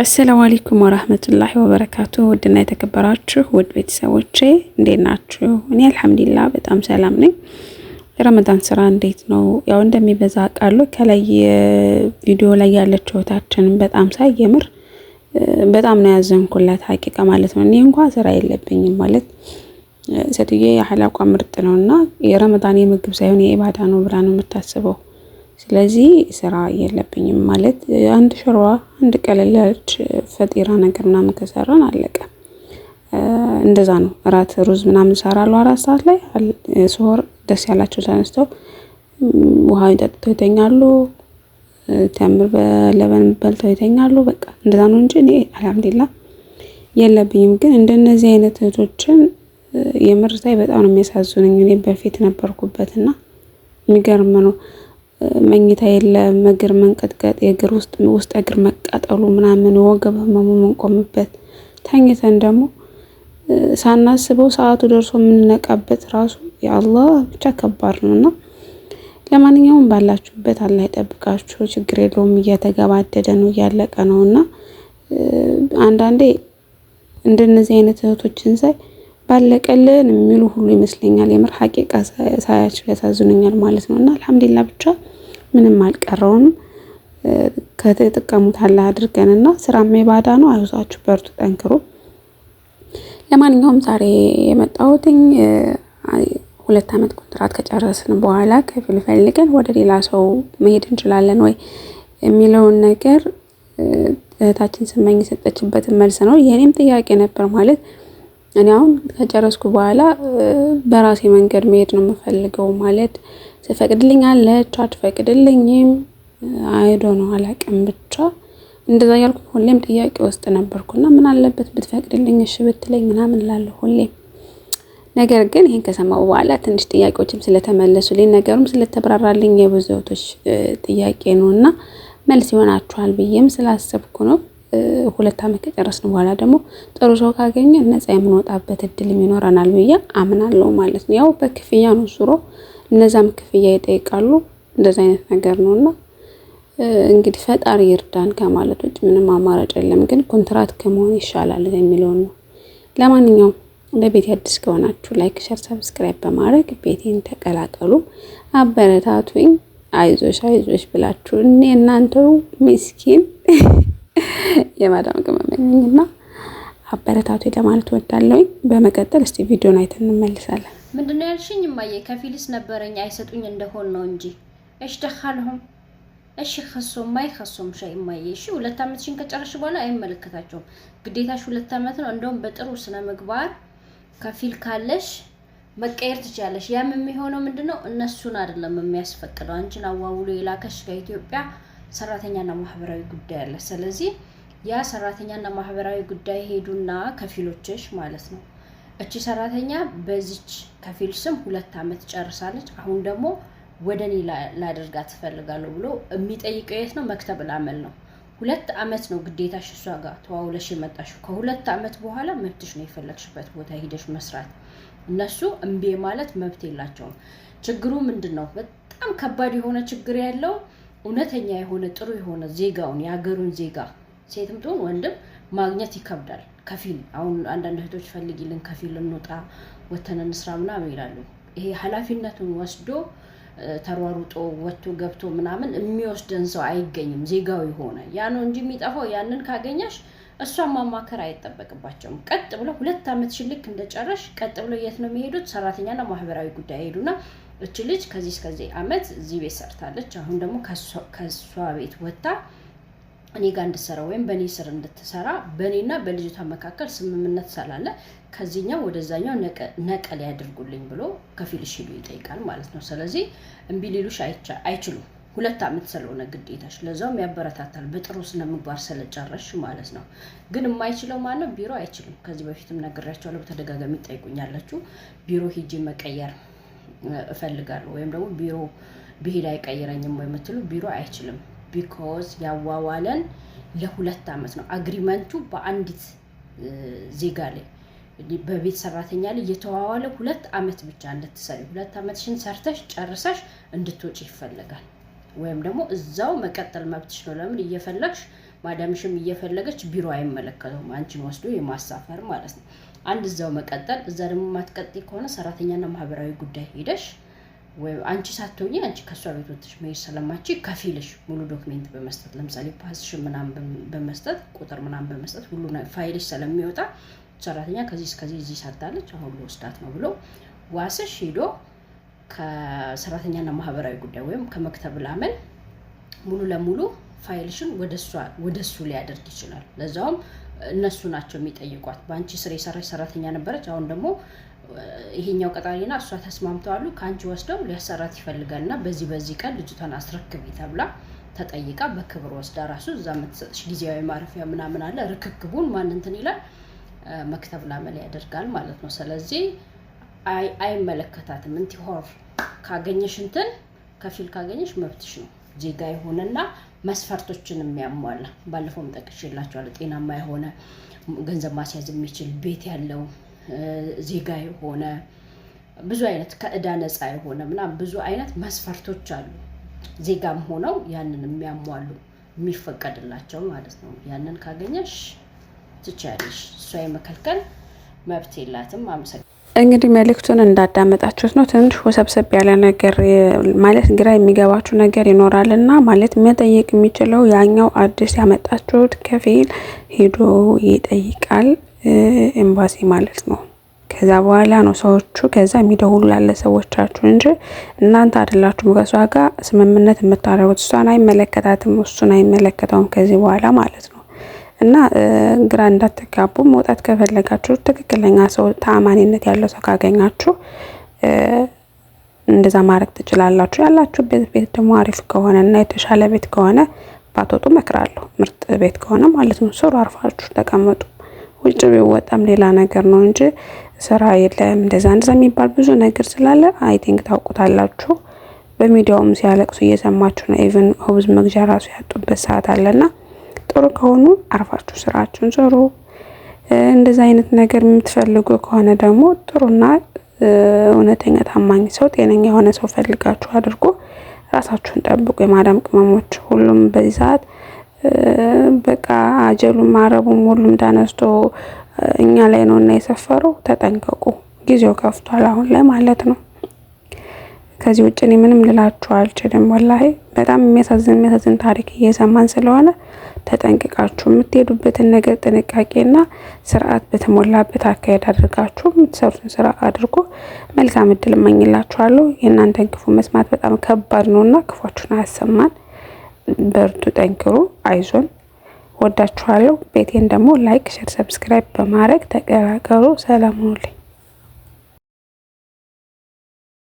አሰላሙ አለይኩም ወራህመቱላሂ ወበረካቱ። ውድና የተከበራችሁ ውድ ቤተሰቦቼ እንዴት ናችሁ? እኔ አልሐምዱሊላ በጣም ሰላም ነኝ። የረመዳን ስራ እንዴት ነው? ያው እንደሚበዛ አውቃለሁ። ከላይ ቪዲዮ ላይ ያለችው እህታችንን በጣም ሳይ የምር በጣም ነው ያዘንኩላት ሀቂቃ ማለት ነው። እኔ እንኳን ስራ የለብኝም ማለት ሴትዬ የሀላቋ ምርጥ ነው እና የረመዳን የምግብ ሳይሆን የኢባዳ ነው ብላ ነው የምታስበው ስለዚህ ስራ የለብኝም ማለት አንድ ሾርባ አንድ ቀለል ፈጢራ ነገር ምናምን ከሰራን አለቀ። እንደዛ ነው። እራት ሩዝ ምናምን ሰራሉ አራት ሰዓት ላይ ስሆር ደስ ያላቸው ተነስተው ውሃ ጠጥተው ይተኛሉ። ተምር በለበን በልተው ይተኛሉ። በቃ እንደዛ ነው እንጂ እኔ አልሐምዱሊላህ የለብኝም። ግን እንደነዚህ አይነት እህቶችን የምርታይ በጣም ነው የሚያሳዝኑኝ። እኔ በፊት ነበርኩበትና የሚገርም ነው። መኝታ የለም፣ እግር መንቀጥቀጥ፣ የእግር ውስጥ ውስጥ እግር መቃጠሉ ምናምን፣ ወገብ ህመሙ መንቆምበት፣ ተኝተን ደግሞ ሳናስበው ሰዓቱ ደርሶ የምንነቃበት ራሱ የአላህ ብቻ ከባድ ነው እና ለማንኛውም ባላችሁበት አላህ ይጠብቃችሁ። ችግር የለውም። እየተገባደደ ነው፣ እያለቀ ነው እና አንዳንዴ እንደነዚህ አይነት እህቶችን ሳይ ባለቀልን የሚሉ ሁሉ ይመስለኛል። የምር ሀቂቃ ሳያቸው ያሳዝኑኛል ማለት ነው። እና አልሐምዱሊላ ብቻ ምንም አልቀረውም። ከተጠቀሙት አላህ አድርገን እና ስራም የባዳ ነው። አይዟችሁ፣ በርቱ፣ ጠንክሩ። ለማንኛውም ዛሬ የመጣሁትኝ ሁለት አመት ኮንትራት ከጨረስን በኋላ ከፊል ፈልገን ወደ ሌላ ሰው መሄድ እንችላለን ወይ የሚለውን ነገር እህታችን ስመኝ የሰጠችበትን መልስ ነው። የእኔም ጥያቄ ነበር ማለት እኔ አሁን ከጨረስኩ በኋላ በራሴ መንገድ መሄድ ነው የምፈልገው። ማለት ስፈቅድልኝ አለች አትፈቅድልኝም፣ አይዶ ነው አላቅም። ብቻ እንደዛ ያልኩ ሁሌም ጥያቄ ውስጥ ነበርኩና ምን አለበት ብትፈቅድልኝ፣ እሺ ብትለኝ ምናምን ላለሁ ሁሌም። ነገር ግን ይህን ከሰማው በኋላ ትንሽ ጥያቄዎችም ስለተመለሱልኝ ነገሩም ስለተብራራልኝ የብዙዎች ጥያቄ ነው እና መልስ ይሆናችኋል ብዬም ስላሰብኩ ነው ሁለት ዓመት ከጨረስን በኋላ ደግሞ ጥሩ ሰው ካገኘ ነፃ የምንወጣበት እድል ይኖረናል ብዬ አምናለሁ ማለት ነው። ያው በክፍያ ነው ሱሮ እነዛም ክፍያ ይጠይቃሉ። እንደዚ አይነት ነገር ነው እና እንግዲህ ፈጣሪ ይርዳን ከማለት ውጭ ምንም አማራጭ የለም። ግን ኮንትራት ከመሆን ይሻላል የሚለውን ነው። ለማንኛውም ለቤት አዲስ ከሆናችሁ ላይክ፣ ሸር፣ ሰብስክራይብ በማድረግ ቤቴን ተቀላቀሉ። አበረታቱኝ። አይዞሽ አይዞሽ ብላችሁ እኔ እናንተው ሚስኪን። የማዳም ቅመም ነኝ እና አበረታቱ ለማለት ወዳለሁኝ። በመቀጠል እስቲ ቪዲዮን አይተን እንመልሳለን። ምንድነው ያልሽኝ እማዬ? ከፊልስ ነበረኝ አይሰጡኝ እንደሆን ነው እንጂ እሽ ደካልሁም እሺ ከሱም ማይ ከሱም ሻይ እማዬ እሺ ሁለት ሽን ከጨረሽ በኋላ አይመለከታቸውም። ግዴታሽ ሁለት አመት ነው። እንደውም በጥሩ ስነ ምግባር ከፊል ካለሽ መቀየር ትችላለሽ። ያም የሚሆነው ምንድነው እነሱን አይደለም የሚያስፈቅደው አንቺን አዋውሎ የላከሽ ከኢትዮጵያ ሰራተኛና ማህበራዊ ጉዳይ አለ። ስለዚህ ያ ሰራተኛና ማህበራዊ ጉዳይ ሄዱና ከፊሎችሽ ማለት ነው እቺ ሰራተኛ በዚች ከፊል ስም ሁለት ዓመት ጨርሳለች። አሁን ደግሞ ወደ እኔ ላደርጋ ትፈልጋለሁ ብሎ የሚጠይቀው የት ነው? መክተብ ላመል ነው። ሁለት ዓመት ነው ግዴታሽ እሷ ጋር ተዋውለሽ የመጣሽው። ከሁለት ዓመት በኋላ መብትሽ ነው የፈለግሽበት ቦታ ሂደሽ መስራት። እነሱ እምቢ ማለት መብት የላቸውም። ችግሩ ምንድን ነው? በጣም ከባድ የሆነ ችግር ያለው እውነተኛ የሆነ ጥሩ የሆነ ዜጋውን የሀገሩን ዜጋ ሴትም ትሆን ወንድም ማግኘት ይከብዳል። ከፊል አሁን አንዳንድ እህቶች ፈልጊልን፣ ከፊል እንውጣ፣ ወተን እንስራ ምናምን ይላሉ። ይሄ ኃላፊነቱን ወስዶ ተሯሩጦ ወጥቶ ገብቶ ምናምን የሚወስደን ሰው አይገኝም። ዜጋዊ ሆነ ያ ነው እንጂ የሚጠፋው ያንን ካገኘሽ እሷን ማማከር አይጠበቅባቸውም። ቀጥ ብለ ሁለት ዓመት ሽልክ እንደጨረሽ ቀጥ ብሎ የት ነው የሚሄዱት? ሰራተኛና ማህበራዊ ጉዳይ ሄዱና እች ልጅ ከዚህ እስከዚህ ዓመት እዚህ ቤት ሰርታለች። አሁን ደግሞ ከእሷ ቤት ወጥታ እኔ ጋር እንድትሰራ ወይም በእኔ ስር እንድትሰራ በእኔና በልጅቷ መካከል ስምምነት ስላለ ከዚህኛው ወደዛኛው ነቀል ያደርጉልኝ ብሎ ከፊል ሽሉ ይጠይቃል ማለት ነው። ስለዚህ እምቢ ሊሉሽ አይችሉም። ሁለት ዓመት ስለሆነ ግዴታሽ፣ ለዛውም ያበረታታል በጥሩ ስነ ምግባር ስለጨረሽ ማለት ነው። ግን የማይችለው ማነው? ቢሮ አይችልም። ከዚህ በፊትም ነግሬያቸዋለሁ። በተደጋጋሚ ይጠይቁኛላችሁ። ቢሮ ሂጂ መቀየር እፈልጋለሁ ወይም ደግሞ ቢሮ ብሄድ አይቀይረኝም ወይ የምትሉ ቢሮ አይችልም። ቢኮዝ ያዋዋለን ለሁለት ዓመት ነው አግሪመንቱ በአንዲት ዜጋ ላይ በቤት ሰራተኛ ላይ የተዋዋለ ሁለት ዓመት ብቻ እንድትሰሪ ሁለት ዓመትሽን ሰርተሽ ጨርሰሽ እንድትወጪ ይፈለጋል። ወይም ደግሞ እዛው መቀጠል መብትሽ ነው። ለምን እየፈለግሽ ማዳምሽም እየፈለገች ቢሮ አይመለከተውም፣ አንቺን ወስዶ የማሳፈር ማለት ነው። አንድ እዛው መቀጠል። እዛ ደግሞ ማትቀጤ ከሆነ ሰራተኛና ማህበራዊ ጉዳይ ሄደሽ አንቺ ሳትሆኝ አንቺ ከእሷ ቤት ወጥተሽ መሄድ ስለማቺ ከፊልሽ ሙሉ ዶክሜንት በመስጠት ለምሳሌ ፓስሽ ምናም በመስጠት ቁጥር ምናምን በመስጠት ሁሉ ፋይልሽ ስለሚወጣ ሰራተኛ ከዚህ እስከዚህ እዚህ ሰርታለች አሁን ልወስዳት ነው ብሎ ዋስሽ ሄዶ ከሰራተኛና ማህበራዊ ጉዳይ ወይም ከመክተብ ላመል ሙሉ ለሙሉ ፋይልሽን ወደ እሱ ሊያደርግ ይችላል። ለዛውም እነሱ ናቸው የሚጠይቋት። በአንቺ ስር የሰራች ሰራተኛ ነበረች፣ አሁን ደግሞ ይሄኛው ቀጣሪና እሷ ተስማምተዋሉ። ከአንቺ ወስደው ሊያሰራት ይፈልጋል እና በዚህ በዚህ ቀን ልጅቷን አስረክቢ ተብላ ተጠይቃ በክብር ወስዳ ራሱ እዛ የምትሰጥሽ ጊዜያዊ ማረፊያ ምናምን አለ። ርክክቡን ማን እንትን ይላል መክተብ ላመል ያደርጋል ማለት ነው። ስለዚህ አይመለከታትም። እንቲሆር ካገኘሽ እንትን ከፊል ካገኘሽ መብትሽ ነው። ዜጋ የሆነና መስፈርቶችን የሚያሟላ ባለፈውም ጠቅሼላቸዋለሁ። ጤናማ የሆነ ገንዘብ ማስያዝ የሚችል ቤት ያለው ዜጋ የሆነ ብዙ አይነት ከእዳ ነፃ የሆነ ምናምን ብዙ አይነት መስፈርቶች አሉ። ዜጋም ሆነው ያንን የሚያሟሉ የሚፈቀድላቸው ማለት ነው። ያንን ካገኘሽ ትቻለሽ። እሷ የመከልከል መብት የላትም። አመሰግናለሁ። እንግዲህ መልእክቱን እንዳዳመጣችሁት ነው። ትንሽ ውሰብሰብ ያለ ነገር ማለት ግራ የሚገባችሁ ነገር ይኖራል እና ማለት መጠየቅ የሚችለው ያኛው አዲስ ያመጣችሁት ከፊል ሄዶ ይጠይቃል። ኤምባሲ ማለት ነው። ከዛ በኋላ ነው ሰዎቹ ከዛ የሚደውሉ ላለ ሰዎቻችሁ እንጂ እናንተ አይደላችሁም ከሷ ጋር ስምምነት የምታደርጉት። እሷን አይመለከታትም፣ እሱን አይመለከተውም ከዚህ በኋላ ማለት ነው። እና ግራ እንዳትጋቡ መውጣት ከፈለጋችሁ ትክክለኛ ሰው፣ ተአማኒነት ያለው ሰው ካገኛችሁ እንደዛ ማድረግ ትችላላችሁ። ያላችሁበት ቤት ደግሞ አሪፍ ከሆነ እና የተሻለ ቤት ከሆነ ባትወጡ መክራለሁ። ምርጥ ቤት ከሆነ ማለት ነው። ስሩ፣ አርፋችሁ ተቀመጡ። ውጭ ቢወጣም ሌላ ነገር ነው እንጂ ስራ የለም እንደዛ እንደዛ የሚባል ብዙ ነገር ስላለ አይ ቲንክ ታውቁታላችሁ። በሚዲያውም ሲያለቅሱ እየሰማችሁ ነው። ኢቨን ሆብዝ መግዣ ራሱ ያጡበት ሰዓት አለና ጥሩ ከሆኑ አርፋችሁ ስራችሁን ስሩ። እንደዛ አይነት ነገር የምትፈልጉ ከሆነ ደግሞ ጥሩና እውነተኛ ታማኝ ሰው፣ ጤነኛ የሆነ ሰው ፈልጋችሁ አድርጎ ራሳችሁን ጠብቁ። የማዳም ቅመሞች ሁሉም በዚህ ሰዓት በቃ አጀሉም አረቡም ሁሉም ተነስቶ እኛ ላይ ነው እና የሰፈረው። ተጠንቀቁ፣ ጊዜው ከፍቷል አሁን ላይ ማለት ነው። ከዚህ ውጭ እኔ ምንም ልላችሁ አልችልም። ወላሂ በጣም የሚያሳዝን የሚያሳዝን ታሪክ እየሰማን ስለሆነ ተጠንቅቃችሁ የምትሄዱበትን ነገር ጥንቃቄና ስርዓት በተሞላበት አካሄድ አድርጋችሁ የምትሰሩትን ስራ አድርጎ መልካም እድል እመኝላችኋለሁ። የእናንተን ክፉ መስማት በጣም ከባድ ነውና ክፏችሁን አያሰማን። በርቱ፣ ጠንክሩ፣ አይዞን። ወዳችኋለሁ። ቤቴን ደግሞ ላይክ፣ ሸር፣ ሰብስክራይብ በማድረግ ተቀላቀሉ። ሰላም ሁኑልኝ።